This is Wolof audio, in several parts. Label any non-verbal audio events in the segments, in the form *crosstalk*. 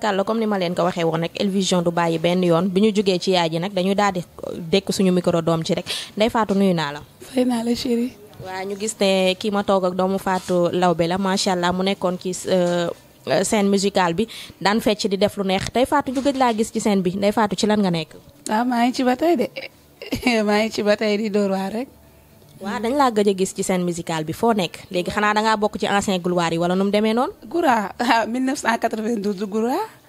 ca la comme ni ma leen ko waxee woon nag Elvision du bàyyi benn yoon bi ñu jógee ci yaay ji nag dañu daal di dékk suñu micro doom ci rek Ndeye Fatou nuyu naa la. fay naa la chérie. waaw ñu gis ne kii ma toog ak doomu Fatou Lawbe la macha allah mu nekkoon kii. Euh, scène musicale bi daan fecc di def lu neex tey Fatou ñu gëj laa gis ci scène bi Ndeye Fatou ci lan nga nekk. waaw ah, maa ngi ci ba tey de *laughs* maa ngi ci ba tey di door waar rek. waaw dañ laa gëj a gis ci scène musicale bi foo nekk léegi xanaa da bokk ci ancien gloire yi wala nu mu demee noonu. Goura ah 1992 Goura.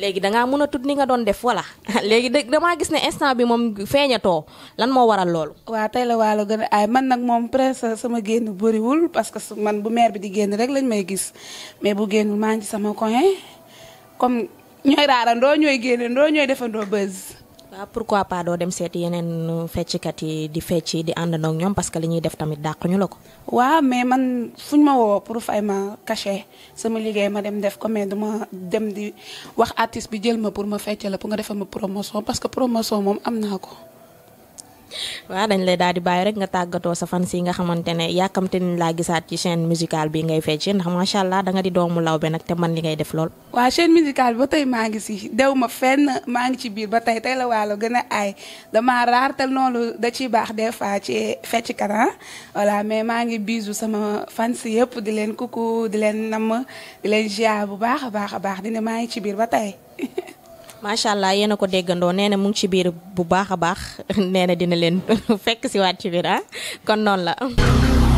léegi dangaa mun a tudd ni nga doon def voilà *laughs* léegi damaa gis ne instant bi moom feeñatoo lan moo waral loolu. waaw tey la waalo gën a aay man nag moom presque sama génn bëriwul parce que man bu maire bi di génn rek lañ may gis mais bu génn maa ngi ci sama coin comme ñooy raarandoo ñooy génnandoo ñooy defandoo buzz. waaw pourquoi pas doo dem seeti yeneen euh, feccikat yi di fecci di àndandoo ak ñoom parce que li ñuy def tamit dàq ñu la ko. waaw mais man fu ma woo pour fay ma cachet sama liggéey ma dem def ko mais duma dem di wax artiste bi jël ma pour ma fecc la pour nga defal ma promotion parce que promotion moom am naa ko. waaw dañ lay daal di bàyyi rek nga tàggatoo sa fans yi nga xamante ne yàkkamte ni laa gisaat ci chain musicale bi ngay fecc ndax macha allah danga nga di doomu lawbe nag te man li ngay def lool. waaw chaîne musicale ba tey maa ngi si dew ma fenn maa ngi ci biir ba tey tey la waalo gën a ay dama raar te noonu da ciy baax des fois ci fecc kana ah. voilà mais maa ngi bisu sama fans yëpp di leen kuku di leen namm di leen ziar bu baax a baax a baax di ne maa ngi ci biir ba tey. macha allah yéen a ko déggandoo nee na mu ngi ci biir bu baax a baax *laughs* nee na dina leen *laughs* fekk si waat ci biir ah kon noonu la.